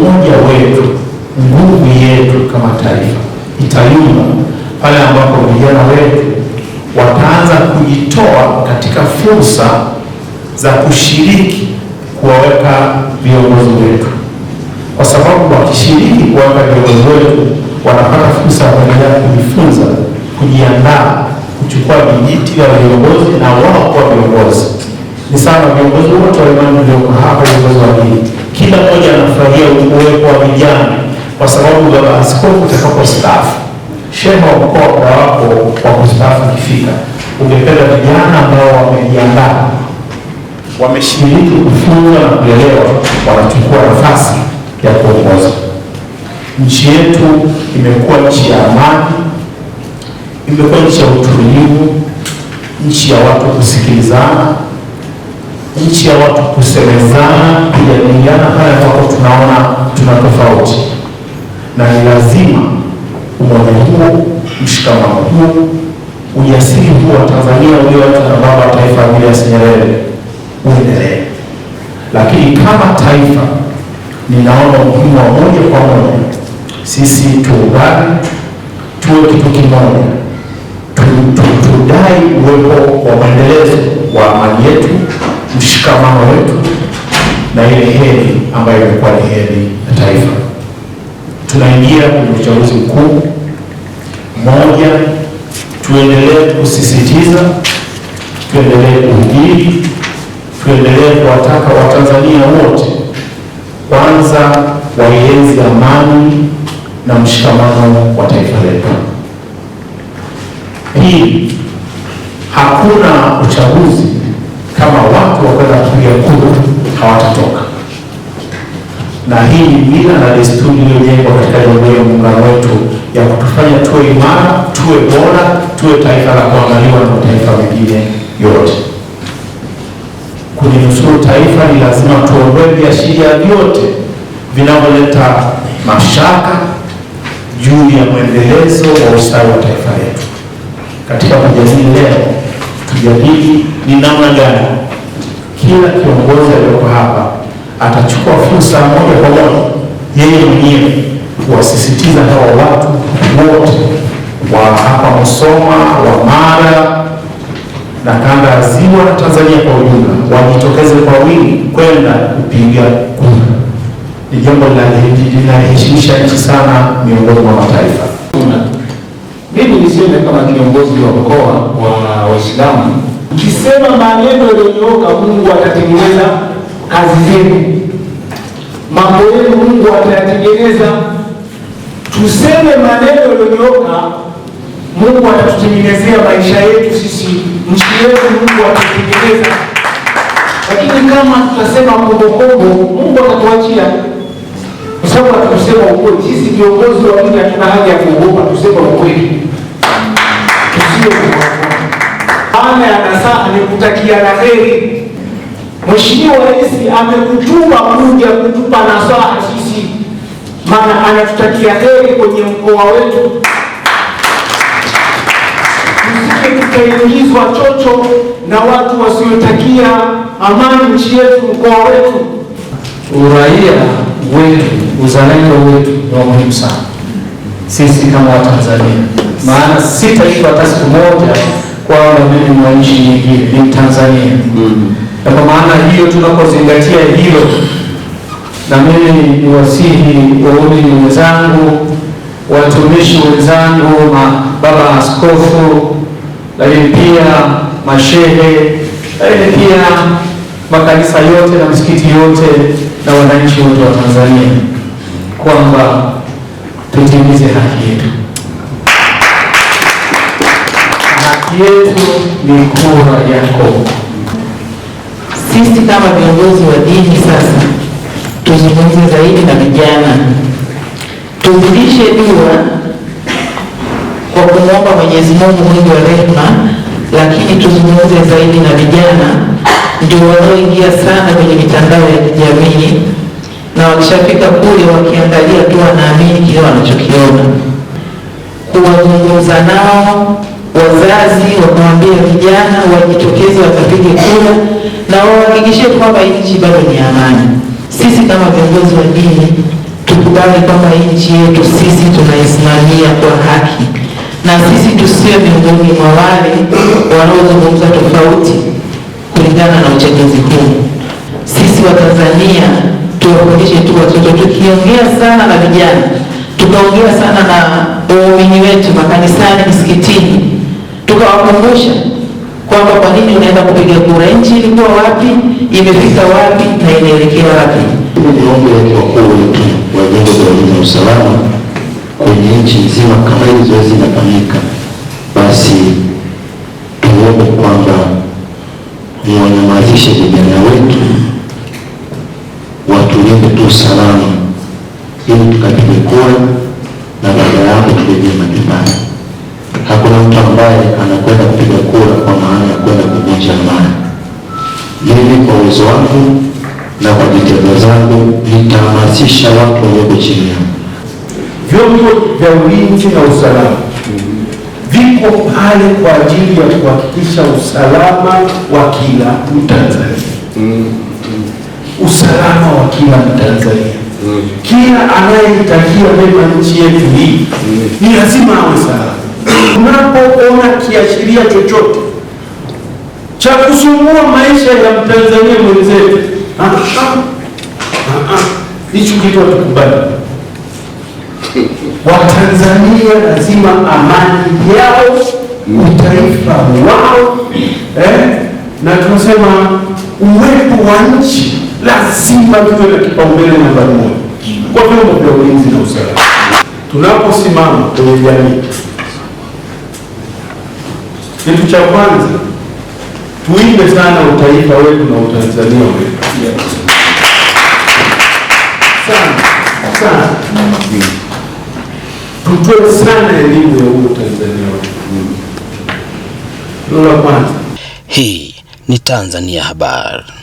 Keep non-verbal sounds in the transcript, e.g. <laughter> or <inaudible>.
umoja wetu, nguvu yetu kama taifa itayumba pale ambapo vijana wetu wataanza kujitoa katika fursa za kushiriki kuwaweka viongozi wetu, kwa sababu wakishiriki kuwaweka viongozi wetu wanapata fursa ya kuendelea kujifunza, kujiandaa, kuchukua vijiti vya viongozi na wao kuwa viongozi. Ni sawa na viongozi wote imani walioko hapa, viongozi wa dini kila mmoja anafurahia uwepo wa vijana, kwa sababu baba askofu utakapostaafu, shema wa mkoa muda wako wa kustaafu ukifika, ungependa vijana ambao wamejiandaa, wameshiriki kufunza na kuelewa, wanachukua nafasi ya kuongoza nchi yetu. Imekuwa nchi ya amani, imekuwa nchi ya utulivu, nchi ya watu kusikilizana nchi ya watu kusemezana, kujadiliana pale ambapo tunaona tuna tofauti, na ni lazima umoja huu, mshikamano huu, ujasiri huu wa Tanzania ulioanza na baba wa taifa Julius Nyerere uendelee. Lakini kama taifa, ninaona umuhimu wa moja kwa moja sisi tuungane, tuwe kitu kimoja, tudai uwepo wa maendelezo wa amani yetu mshikamano wetu na ile heri ambayo imekuwa ni heri ya taifa. Tunaingia kwenye uchaguzi mkuu. Moja, tuendelee kusisitiza, tuendelee kuhubiri, tuendelee kuwataka Watanzania wote kwanza waienzi amani na mshikamano wa taifa letu. Hii hakuna uchaguzi kama watu wakwenda kupiga kura hawatatoka. Na hii ni mila na desturi iliyojengwa katika Jamhuri ya Muungano wetu ya kutufanya tuwe imara, tuwe bora, tuwe taifa la kuangaliwa na mataifa mengine yote. Kulinusuru taifa ni lazima tuondoe viashiria vyote vinavyoleta mashaka juu ya mwendelezo wa ustawi wa taifa letu katika kujadili leo kujadili ni namna gani kila kiongozi aliyoko hapa atachukua fursa moja kwa moja yeye mwenyewe kuwasisitiza hawa watu wote wa hapa Musoma, wa Mara na kanda ya Ziwa na Tanzania kwa ujumla wajitokeze kwa wingi kwenda kupiga kura. Ni jambo linaheshimisha nchi sana miongoni mwa mataifa mimi kama kiongozi wa mkoa wa Waislamu, ukisema maneno yaliyonyooka, Mungu atatengeneza kazi zenu, mambo yenu Mungu atayatengeneza. Tuseme maneno yaliyonyooka, Mungu atatutengenezea maisha yetu sisi, nchi yetu Mungu atatengeneza. Lakini kama tutasema kombokombo, Mungu atatuachia kwa sababu atukusema ukweli. Sisi viongozi wa dini hatuna haja ya kuogopa, tusema ukweli hiyo ame ya nasaha ni kutakia la heri. Mheshimiwa Rais amekutuma kuja kutupa nasaha sisi, maana anatutakia heri kwenye mkoa wetu, msije tukaingizwa chocho na watu wasiotakia amani nchi yetu, mkoa wetu. Uraia wetu, uzalendo wetu ni wa muhimu sana sisi kama Watanzania maana sitaishi hata siku moja kwamba mimi wa nchi nyingine ni Tanzania. Mm-hmm. Na kwa maana hiyo tunapozingatia hilo, na mimi ni wasihi waumini wenzangu, watumishi wenzangu, mababa askofu, lakini pia mashehe, lakini pia makanisa yote na misikiti yote na wananchi wote wa Tanzania kwamba tutimize haki yetu. yetu ni kura yako. Sisi kama viongozi wa dini sasa tuzungumze zaidi na vijana, tuzidishe dua kwa kumwomba Mwenyezi Mungu mwingi wa rehema, lakini tuzungumze zaidi na vijana, ndio wanaoingia sana kwenye mitandao ya kijamii, na wakishafika kule wakiangalia tu wanaamini kile wanachokiona, kuwazungumza nao wazazi wakamwambia vijana wajitokeze wakapige kura na wahakikishie kwamba nchi bado ni amani. Sisi kama viongozi wa dini tukubali kwamba nchi yetu sisi tunaisimamia kwa haki, na sisi tusiwe miongoni mwa wale wanaozungumza tofauti kulingana na uchaguzi huu. Sisi Watanzania tuwafundishe tu watoto, tukiongea sana na vijana, tukaongea sana na waumini wetu makanisani, misikitini tukawakumbusha kwamba kwa nini unaenda kupiga kura, nchi ilikuwa wapi, imefika wapi na inaelekea wapi. Maombi yetu wakuu wetu wa vyombo vya ulinzi na usalama kwenye nchi nzima, kama hili zoezi linafanyika, basi tuombe kwamba muwanyamazishe vijana wetu, watulinde tu usalama, ili tukapige kura na baada ya hapo mtu ambaye anakwenda kupiga kura kwa maana ya kwenda kuvunja amani. Mimi kwa uwezo wangu na kwa vitendo zangu nitahamasisha watu walioko chini yangu. Vyombo vya ulinzi na usalama viko pale kwa ajili ya kuhakikisha usalama wa kila Mtanzania, usalama wa kila Mtanzania. Mm. Kila anayetakia mema nchi yetu hii ni lazima awe salama. Unapoona kiashiria chochote cha kusumbua maisha ya Mtanzania mwenzetu, ah, ah, hicho kitu hatukubali. <laughs> Watanzania lazima amani yao ni taifa wao eh, na tunasema uwepo wa nchi lazima tuwe na kipaumbele namba moja kwa vyombo vya ulinzi na usalama tunaposimama kwenye jamii kitu cha kwanza tuimbe sana utaifa wetu na utanzania wetu sana sana, tutoe sana elimu ya huo utanzania wetu. Hilo la kwanza. Hii ni Tanzania Habari.